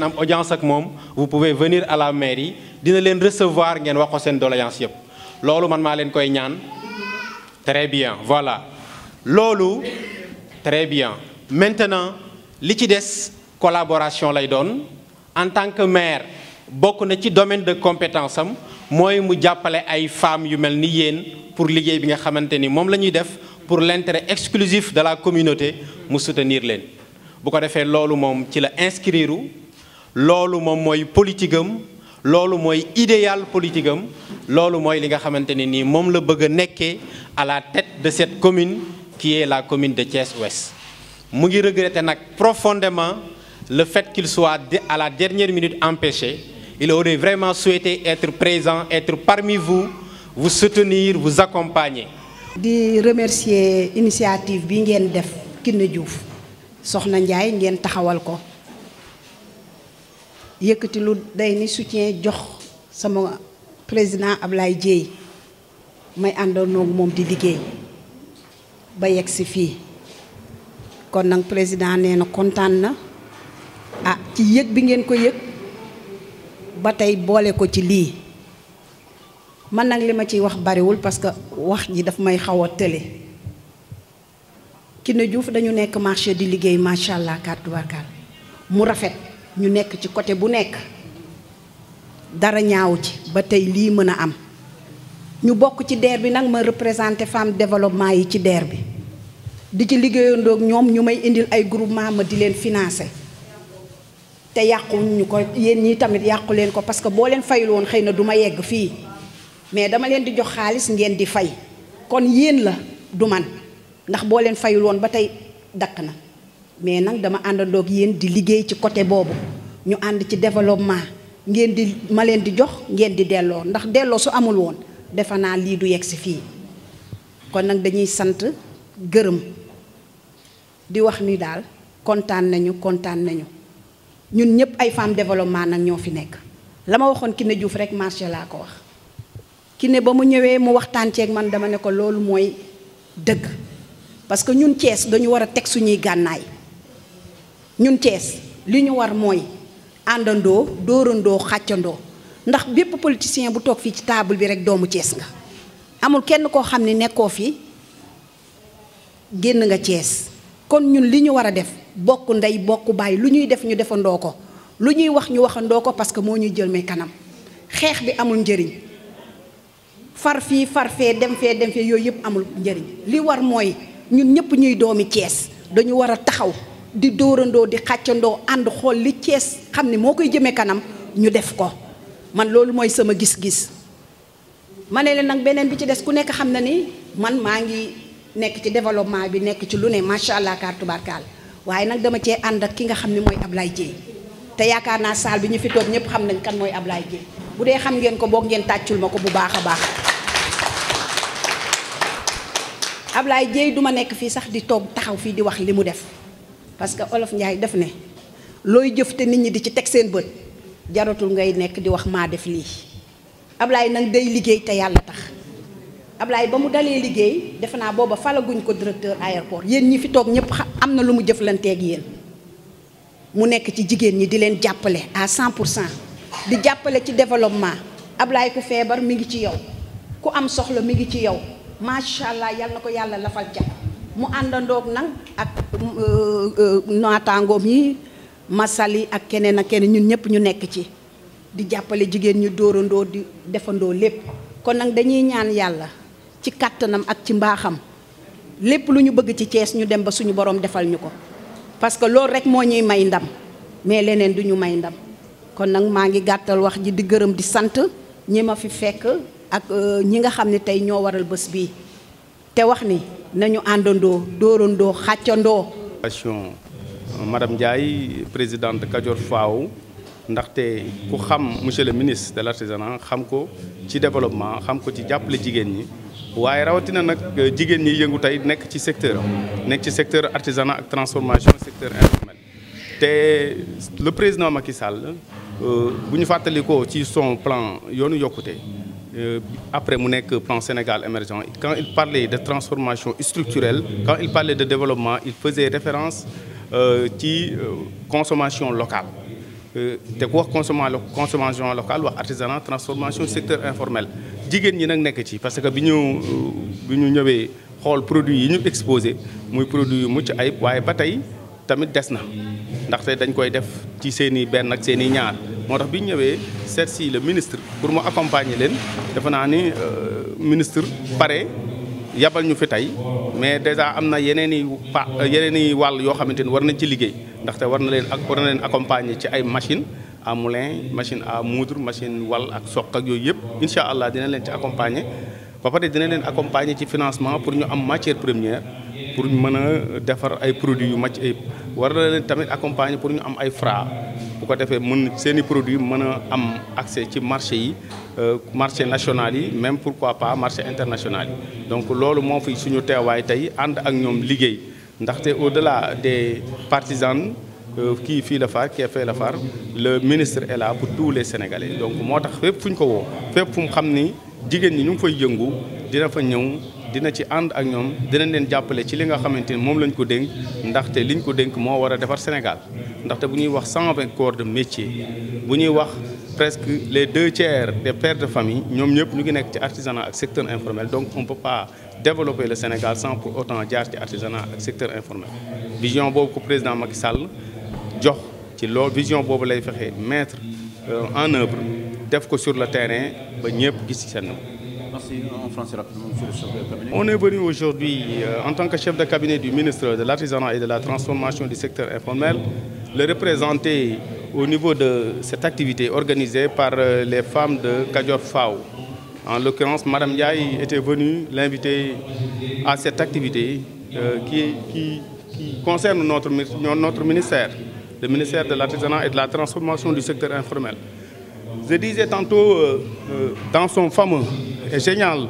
am audience ak moom vous pouvez venir à la mairie dina leen recevoir ngeen wax ko seen doléance yëpp loolu man maa leen koy ñaan très bien voilà loolu très bien maintenant li ci des collaboration lay doon en tant que maire bokk na ci domaine de compétence am mooy mu jàppale ay femmes yu mel ni yéen pour liggéey bi nga xamante ni moom la ñuy def pour l'intérêt exclusif de la communauté mu soutenir leen bu ko defee loolu moom ci la inscrire loolu moom mooy politique loolu mooy idéal politique am loolu mooy li nga xamante ne nii moom la bëgg a nekkee à la tête de cette commune qui est la commune de Thiès Ouest mu ngi regretter nag profondément le fait qu'il soit à la dernière minute empêché Il aurait vraiment souhaité être présent, être parmi vous, vous soutenir, vous accompagner. di remercier initiative bi ngeen def Kiné Diouf soxna njaay ngeen taxawal ko yëkkati lu day ni soutien jox sama président Ablaye Dieye may àndoon moom di liggéey ba yegg si fii kon nag président nee na kontaan na ah ci yëg bi ngeen ko yëg. ba tey boole ko ci lii man nag li ma ciy wax bariwul parce que wax ji daf may xaw a tële Kiné Diouf dañu nekk marché di liggéey macha allah kàddu mu rafet ñu nekk ci côté bu nekk dara ñaaw ci ba tey lii mën a am ñu bokk ci DER bi nag ma représenté femme développement yi ci DER bi di ci liggéeyandoog ñoom ñu may indil ay groupement ma di leen financé te yàquwuñ ñu ko yéen ñii tamit yàqu leen ko parce que boo leen fayul woon xëy na du ma yegg fii mais dama leen di jox xaalis ngeen di fay kon yéen la du man ndax boo leen fayul woon ba tey daq na mais nag dama àndandoog yéen di liggéey ci côté boobu ñu ànd ci développement ngeen di ma leen di jox ngeen di delloo ndax delloo su amul woon defe naa lii du yegg si fii kon nag dañuy sant gërëm di wax ni daal kontaan nañu kontaan nañu ñun ñëpp ay femme développement nag ñoo fi nekk la ma waxoon Kiné Diouf rek marché laa ko wax Kiné ba mu ñëwee mu waxtaan ceeg man dama ne ko loolu mooy dëgg parce que ñun cees dañu war a teg suñuy gànnaay ñun Thiès li ñu war mooy àndandoo dóorandoo xàccandoo ndax bépp politicien bu toog fii ci taabul bi rek doomu Thiès nga amul kenn koo xam ne nekkoo fii génn nga cees kon ñun li ñu war a def bokk ndey bokk baay lu ñuy def ñu defandoo ko lu ñuy wax ñu waxandoo ko parce que moo ñuy jël kanam xeex bi amul njëriñ far fii far fee dem fee dem fee yooyu yëpp amul njëriñ li war mooy ñun ñëpp ñuy doomi Cees dañu war a taxaw di dóorandoo di xàccandoo ànd xool li Cees xam ne moo koy jëmee kanam ñu def ko man loolu mooy sama gis-gis ma ne nag beneen bi ci des ku nekk xam na ni man maa ngi nekk ci développement bi nekk ci lu ne macha allah kaar tubaarkaal waaye nag dama cee ànd ak ki nga xam ne mooy Ablaye Dieye te yaakaar naa saal bi ñu fi toog ñëpp xam nañ kan mooy Ablaye Dieye bu dee xam ngeen ko boog ngeen tàccul ma ko bu baax baax Ablaye Dieye du ma nekk fii sax di toog taxaw fii di wax li mu def parce que olof Ndiaye daf ne looy jëf te nit ñi di ci teg seen bët jaratul ngay nekk di wax maa def lii Ablaye nag day liggéey te yàlla tax Ablaye ba mu dalee liggéey defe naa booba falaguñ ko directeur aéroport yéen ñi fi toog ñëpp am na lu mu jëflanteeg yéen mu nekk ci jigéen ñi di leen jàppale à 100 pour cent di jàppale ci développement Ablaye ku feebar mi ngi ci yow ku am soxla mi ngi ci yow macha allah yal na ko yàlla lafal ca mu àndandoog nan ak euh, euh, naataangoom yi masali ak keneen ak keneen ñun ñëpp ñu nekk ci di jàppale jigéen ñu dóorandoo di defandoo lépp kon nag dañuy ñaan yàlla. ci kàttanam ak ci mbaaxam lépp lu ñu bëgg ci Thiès ñu dem ba suñu borom defal ñu ko parce que loolu rek moo ñuy may ndam mais leneen du ñu may ndam kon nag maa ngi gàttal wax ji di gërëm di sant ñi ma fi fekk ak euh, ñi nga xam ni tey ñoo waral bés bii te wax ni nañu àndandoo dóorandoo xàccandoo. madame Ndiaye présidente Kajoor Faw ndaxte ku xam monsieur le ministre de l'artisanat xam ko ci développement xam ko ci jàppale jigéen ñi. waaye rawatina nag euh, jigéen ñi yëngu tey nekk ci secteur nekk ci secteur artisanat ak transformation secteur informel te le président Macky Sall euh, bu ñu fàttalikoo ci son plan yoonu yokkute euh, après mu nekk plan Sénégal émergent quand il parlait de transformation structurelle quand il parlait de développement il faisait référence ci consommation locale te ku wax consommation locale wax artisanat transformation secteur informel jigéen ñi nag nekk ci parce que bi ñu bi ñu ñëwee xool produits yi ñu exposé muy produit yu mucc ay waaye ba tey tamit des na ndaxte dañ koy def ci seen i benn ak seen i ñaar moo tax bi ñu ñëwee seet si le ministre pour mu accompagner leen defe naa ni euh, ministre pare yabal ñu fi tey mais déjà am na yeneen i pa yeneen i wàll yoo xamante ni war nañ ci liggéey ndaxte war na leen ak war na leen accompagner ci ay machine amulen machine à moudre machine wal ak soq ak yooyu yëpp incha allah dina leen ci accompagner ba pare dina leen accompagner ci financement pour ñu am matière première pour ñu mën a defar ay produits yu màcc ayib war na leen tamit accompagner pour ñu am ay fra bu ko defee mën seen i produits mën a am accès ci marché yi euh, marché national yi même pourquoi pas marché international yi donc loolu moo fi suñu teewaay tey ànd ak ñoom liggéey ndaxte au la de partisans Euh, kii fii la far kii la far le ministre est là pour tous les Sénégalais donc moo tax fépp fu ñu ko woo fépp fu mu xam ni jigéen ñi ñu ngi fay jëngu dina fa ñëw dina ci ànd ak ñoom dinañ leen jàppale ci li nga xamante ni moom lañ ko dénk ndaxte liñ ko dénk moo war a defar Sénégal ndaxte bu ñuy wax 120 corps de métier bu ñuy wax presque les deux tiers des pères de famille ñoom ñëpp ñu ngi nekk ci artisanat ak secteur informel donc on peut pas développer le Sénégal sans pour autant jaar ci artisanat ak secteur informel vision boobu ko président Macky Sall jox ci loolu vision boobu lay fexe mettre euh, en œuvre def ko sur le terrain ba ñëpp gis ci seen On est venu aujourd'hui euh, en tant que chef de cabinet du ministre de l'Artisanat et de la Transformation du secteur informel, le représenter au niveau de cette activité organisée par euh, les femmes de Kadior FAO. En l'occurrence, Madame Ndiaye était venue l'inviter à cette activité euh, qui, qui, qui, concerne notre, notre ministère. le ministère de l'artisanat et de la transformation du secteur informel. Je disais tantôt, euh, euh, dans son fameux et génial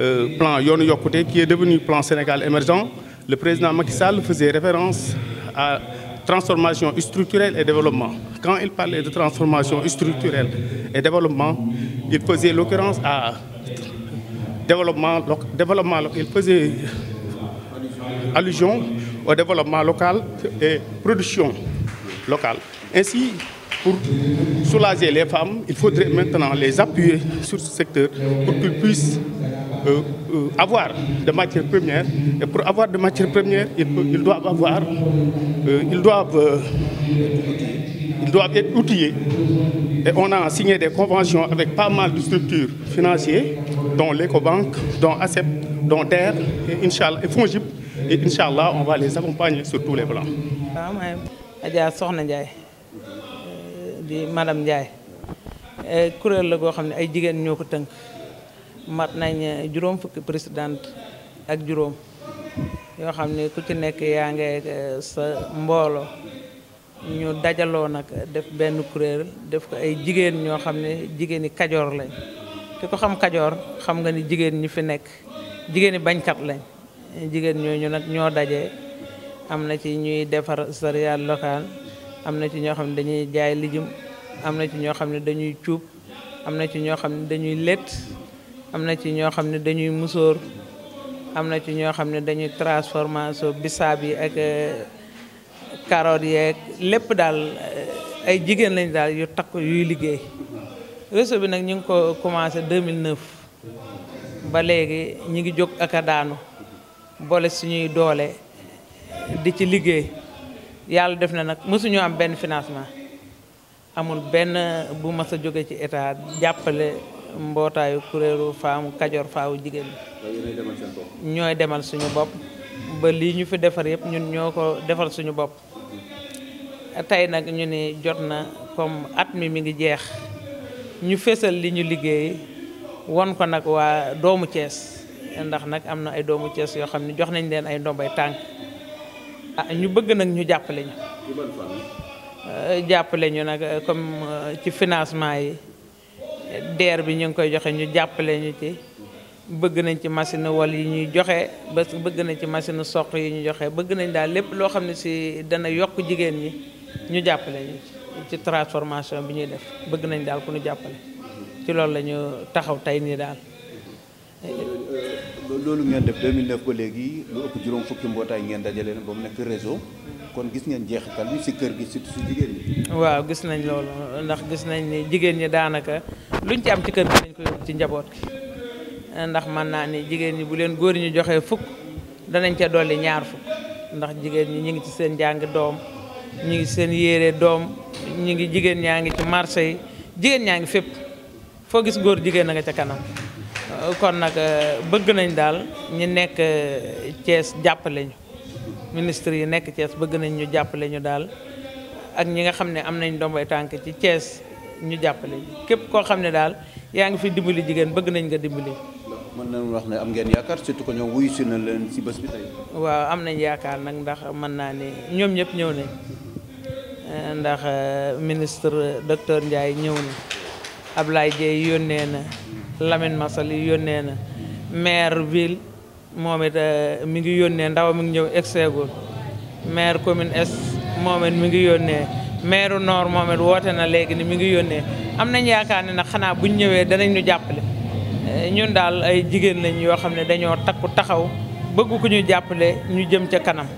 euh, plan Yonou Yokouté, qui est devenu plan Sénégal émergent, le président Macky Sall faisait référence à transformation structurelle et développement. Quand il parlait de transformation structurelle et développement, il faisait l'occurrence à développement, développement, il faisait allusion au développement local et production locale. Ainsi, pour soulager les femmes, il faudrait maintenant les appuyer sur ce secteur pour qu'ils puissent euh, euh, avoir de matières premières. Et pour avoir de matières premières, ils, ils avoir, euh, ils euh, être outillés. Et on a signé des conventions avec pas mal de structures financières, dont l'Ecobank, dont ACEP, dont DER, et, et Fongip. Et Inch'Allah, on va les accompagner sur tous les plans. Adja Soxna njaay euh, di madame Ndiaye euh, kuréel la goo xam ne ay jigéen ñoo ko tënk mat nañ euh, juróom fukki présidente ak juróom yoo xam ne ku ci nekk yaa ngi sa mbooloo ñu dajaloo nag def benn kuréel def ko ay jigéen ñoo xam ne jigéeni kajoor lañ ki ko xam kajoor xam nga ni jigéen ñu fi nekk jigéeni bañkat lañ jigéen ñooñu nag ñoo daje. am na ci ñuy defar céréales locales am na ci ñoo xam ne dañuy jaay lijum am na ci ñoo xam ne dañuy cuub am na ci ñoo xam ne dañuy lett am na ci ñoo xam ne dañuy musóor am na ci ñoo xam ne dañuy transformation bisaab yi ak euh, carottes yeeg lépp daal euh, ay jigéen lañ daal yu takk yuy liggéey réseau bi nag ñu ngi ko commencé 2009 ba léegi ñu ngi jóg ak daanu boole suñuy doole di ci liggéey yàlla def na nag mësuñu am benn financement amul benn bu mas a jóge ci état jàppale mbootaayu kuréelu faamu kajoor faawu jigéen ñooy demal suñu bopp ba lii ñu fi defar yëpp ñun ñoo ko defal suñu bopp tey nag ñu ni jot na comme at mi mi ngi jeex ñu fésal li ñu liggéey won ko nag waa doomu Cees ndax nag am na ay doomu Cees yoo xam ne jox nañ leen ay ndombay tànk ah ñu bëgg nag ñu jàppale ñu euh, jàppale ñu nag euh, comme euh, ci financement yi DER bi ñu ngi koy joxe ñu jàppale ñu ci bëgg nañ ci machine wal yi ñuy joxe ba bëgg nañ ci machine soq yi ñu joxe bëgg nañ daal lépp loo xam ne si dana yokk jigéen ñi ñu jàppale ñu ci transformation bi ñuy def bëgg nañ daal ku ñu jàppale ci loolu lañu taxaw tey nii daal Euh, loolu ngeen def 2009 ba léegi lu ëpp juróom fukki mbootaay ngeen dajale ba mu nekk réseau kon gis ngeen jeexital bi si kër gi surtout si jigéen ñi. waaw gis nañ loolu ndax gis nañ ni jigéen ñi daanaka luñ ci am ci kër gi dañ ko yóbbu ci njaboot gi ndax mën naa ni jigéen ñi bu leen góor ñu joxee fukk danañ ca dolli ñaar fukk ndax jigéen ñi ñu ngi ci seen njàng doom ñu ngi seen yére doom ñu ngi jigéen ñaa ngi ci marché yi jigéen ñaa ngi fépp foo gis góor jigéen na nga ca kanam. Euh, kon nag euh, bëgg nañ daal ñu nekk cees euh, jàppale ñu ministre yi nekk Thiès bëgg nañ ñu jàppale ñu daal ak ñi nga xam ne am nañ doom ndombay tànk ci cees ñu jàppale ñu képp koo xam ne daal yaa ngi fi dimbali jigéen bëgg nañ nga dimbali. mën nañu wax ne am ngeen yaakaar surtout que ñoom wuyu si na leen si bés bi tey. waaw am nañ yaakaar nag ndax mën naa ne ñoom ñëpp ñëw nañ ndax ministre docteur Ndiaye ñëw na Ablaye Dieye yónnee na. Lamine Massaly yónnee na maire ville moom it euh, mi ngi yónnee ndaw mu ngi ñëw exeegul maire commune est moomit it mi ngi yónnee maire nord moom woote na léegi ni mi ngi yónnee am nañ yaakaar ne nag xanaa buñ ñëwee danañ ñu jàppale euh, ñun daal ay jigéen lañ yoo xam ne dañoo takku taxaw bëgg ku ñu jàppale ñu jëm ca kanam